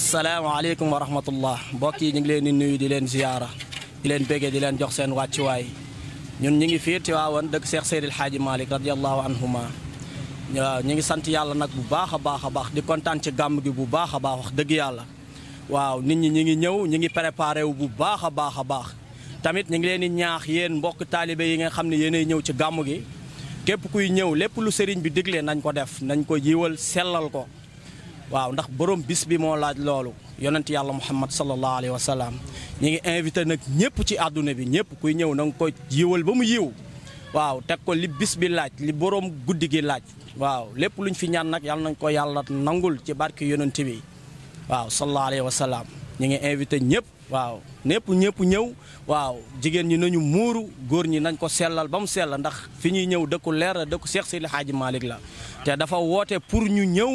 asalaamaaleykum wa rahmatullah mbokk yi ñu ngi leen di nuyu di leen ziyaara di leen béggee di leen jox seen wàccuwaay ñun ñu ngi fii Tiwaawan dëkk Seex Seydil Xaaji Malick radiallahu anhuma waaw ñu ngi sant yàlla nag bu baax a baax a baax di kontaan ci gàmm gi bu baax a baax wax dëgg yàlla waaw nit ñi ñu ngi ñëw ñu ngi préparé wu bu baax a baax a baax tamit ñu ngi leen di ñaax yéen mbokk taalibe yi nga xam ne yéenay ñëw ci gàmm gi képp kuy ñëw lépp lu sëriñ bi digle nañ ko def nañ ko yiwal sellal ko waaw ndax borom bis bi moo laaj loolu yonent yàlla muhammad sallallahu alayhi wa salaam ñu ngi invité nag ñëpp ci àdduna bi ñëpp kuy ñëw na ko yiwal ba mu yiw waaw teg ko li bis bi laaj li borom guddi gi laaj waaw lépp lu luñ fi ñaan nag yàlla nañ ko yàlla nangul ci barke yonent bi waaw sallallahu alayhi wa ñu ngi invité ñëpp waaw népp ñëpp ñëw waaw jigéen ñi nañu muuru góor ñi nañ ko sellal ba mu sell ndax fi ñuy ñëw dëkku leer dëkku Seex Seydi Xaaji Maalik la pour ñu ñëw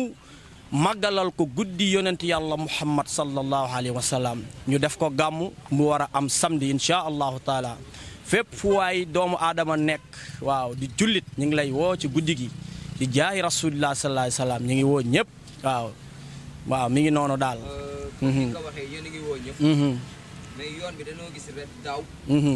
màggalal ko guddi yonent yàlla muhammad sallallahu alayhi wa sallam ñu def ko gàmmu mu war a am samedi insha allahu taala fépp fu waay doomu aadama nekk waaw di jullit ñu ngi lay woo ci guddi gi di jaay rasulillah sallallahu alayhi ñu ngi woo ñëpp waaw waaw mi ngi noonu daal. Euh, mhm.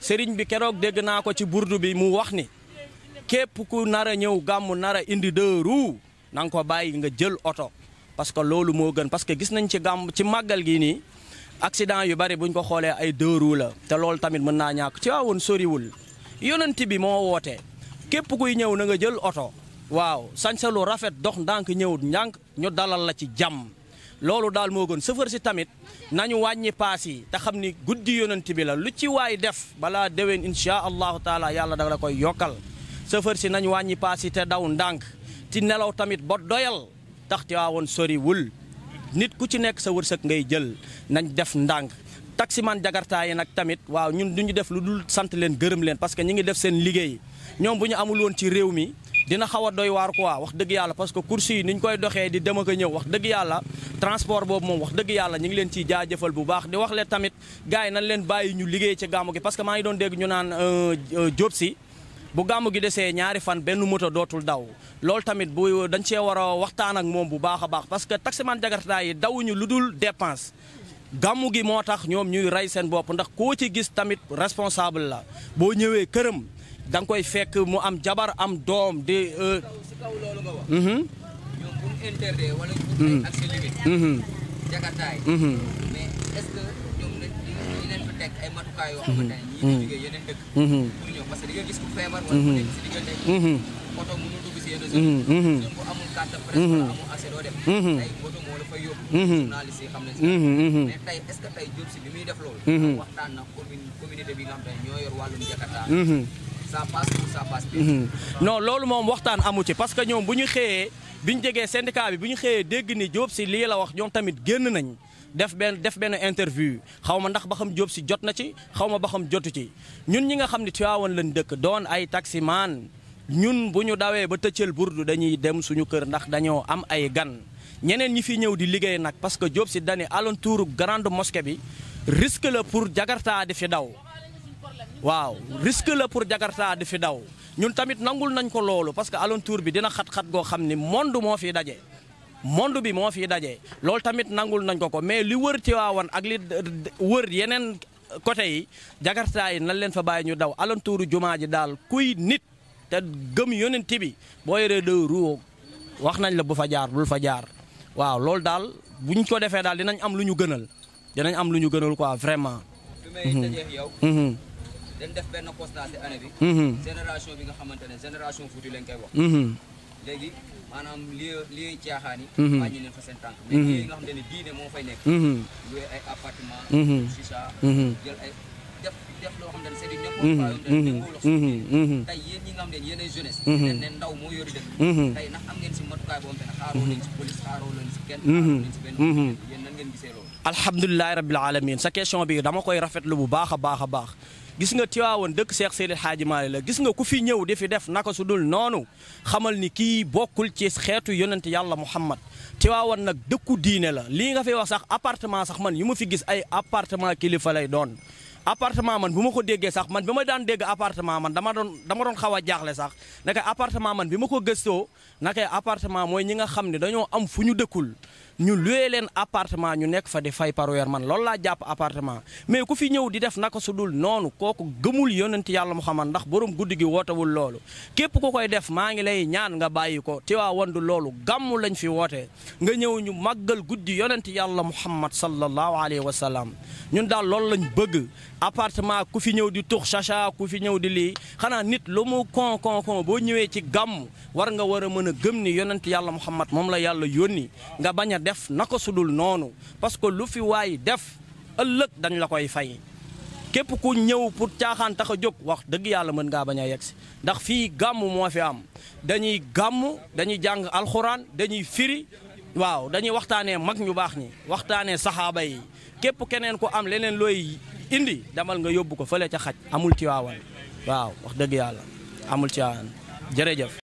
sëriñ bi keroog dégg naa ko ci burdu bi mu wax ni képp ku nar a ñëw gàmmu nar a indi deux roues na ko bàyyi nga jël oto parce que loolu moo gën parce que gis nañ ci gàmm ci màggal gi nii accident yu bari buñ ko xoolee ay deux roues la te loolu tamit mën naa ñàkk ci waawoon soriwul yonent bi moo woote képp kuy ñëw na nga jël oto waaw sañsa rafet dox ndànk ñëw njànk ñu dalal la ci jàmm loolu daal moo gën chauffeur si tamit nañu wàññi paas yi te xam ni guddi yonent bi la lu ci waay def balaa déwén incha allahu taala yàlla da la koy yokkal chauffeur si nañu wàññi paas yi te daw ndànk ti nelaw tamit ba doyal woon sori wul nit ku ci nekk sa wërsëg ngay jël nañ def ndànk taximan jakartaa yi nag tamit waaw ñun duñu def lu dul sant leen gërëm leen parce que ñi ngi def seen liggéey ñoom bu ñu amul woon ci réew mi dina xaw a doy waar quoi wax dëgg yàlla parce que course yi ni ñu koy doxee di dem ak a ñëw wax dëgg yàlla transport boobu moom wax dëgg yàlla ñu ngi leen ciy jaajëfal bu baax di wax tamit gars yi nañ leen bàyyi ñu liggéey ci gàmmu gi parce que maa ngi doon dégg ñu naan jóob euh, euh, si bu gàmmu gi desee ñaari fan benn moto dootul daw loolu tamit bu dañ cee war a waxtaan ak moom bu baax a baax parce que taximan jakarta yi dawuñu lu dul dépense gàmmu gi moo tax ñoom ñuy rey seen bopp ndax koo ci gis tamit responsable boo ñëwee këram da nga koy fekk mu am jabar am doom di. si kaw euh, loolu nga wax. Mhm. ñoom bu ñu interdit wala ñu ak seen limite. jakartaay. mais est ay def loolu. Mhm. ça passe mhm. loolu moom waxtaan amu ci parce que ñoom bu ñu xëyee bi ñu jegee syndicat bi bu ñu xëyee dégg ni Diop si lii la wax ñoom tamit génn nañ def benn def benn interview xaw ma ndax ba xam Diop si jot na ci xaw ma ba xam jotu ci ñun ñi nga xam ne Tivaouane lañ dëkk doon ay taximaan ñun bu ñu dawee ba tëccel burdu dañuy dem suñu kër ndax dañoo am ay gan ñeneen ñi fi ñëw di liggéey nag parce que Diop si dani alentour grande mosquée bi risque la pour jagartaa di fi daw waaw risque la pour Jakarta di fi daw ñun tamit nangul nañ ko loolu parce que alentour bi dina xat-xat goo xam ni monde moo fiy daje. monde bi moo fiy daje loolu tamit nangul nañ ko ko mais li wër Tiwaawan ak li wër yeneen côté yi Jakarta yi nan leen fa bàyyi ñu daw alentouru jumaa ji daal kuy nit te gëm yonent bi boo yoree deux roues wax nañ la bu fa jaar bul fa jaar waaw loolu daal buñ ko defee daal dinañ am lu ñu gënal dinañ am lu ñu gënal quoi vraiment. dañ def benn constat si année bi. Mhm. génération bi nga xamante ne génération Fouti lañ koy wax. Mhm. léegi maanaam liy liy caaxaan yi. Mhm. wàññi leen moo fay nekk. luy ay appartement. chicha jël ay def ndaw moo yori dëkk. tey ndax am ngeen si matukaay boo xamante ne xaaroo sa question bi dama koy rafet lu bu baax a baax a baax. gis nga Tiwaawoon dëkk Cheikh Seydi Hadji Malick la gis nga ku fi ñëw di fi def naka su dul noonu xamal ni kii bokkul ci xeetu yonent yàlla Muhammad Tiwaawoon nag dëkku diine la lii nga fi wax sax appartement sax man yu ma fi gis ay appartement kilifa lay doon appartement man bu ma ko déggee sax man bi ma daan dégg appartement man dama doon dama doon xaw a jaaxle sax naka appartement man bi ma ko gëstoo naka appartement mooy ñi nga xam ne dañoo am fu ñu dëkkul ñu luwee leen appartement ñu nekk fa di fay par weer man loolu laa jàpp appartement mais ku fi ñëw di def naka su dul noonu kooku gëmul yonent yàlla Muhammad ndax borom guddi gi wootewul loolu képp ku koy def maa ngi lay ñaan nga bàyyi ko Tiwaawan du loolu gàmmu lañ fi wootee nga ñëw ñu màggal guddi yonent yàlla Muhammad sallallahu alayhi wa sallam ñun loolu lañ bëgg appartement ku fi ñëw di tux chacha ku fi ñëw di lii xanaa nit lu mu kon kon kon boo ñëwee ci gàmm war nga war a mën a gëm ni yonent yàlla Muhammad moom la yàlla yónni nga bañ a def naka sudul noonu parce que lu fi waay def ëllëg dañ la koy fay képp ku ñëw pour caaxaan tax a jóg wax dëgg yàlla mën ngaa bañ a si ndax fii gàmmu moo fi am dañuy gàmm dañuy jàng alxuraan dañuy firi waaw dañuy waxtaanee mag ñu baax ñi waxtaanee saxaaba yi képp keneen ko am leneen looy indi demal nga yóbbu ko fële ca xaj amul ci waawan waaw wax dëgg yàlla amul ci jërëjëf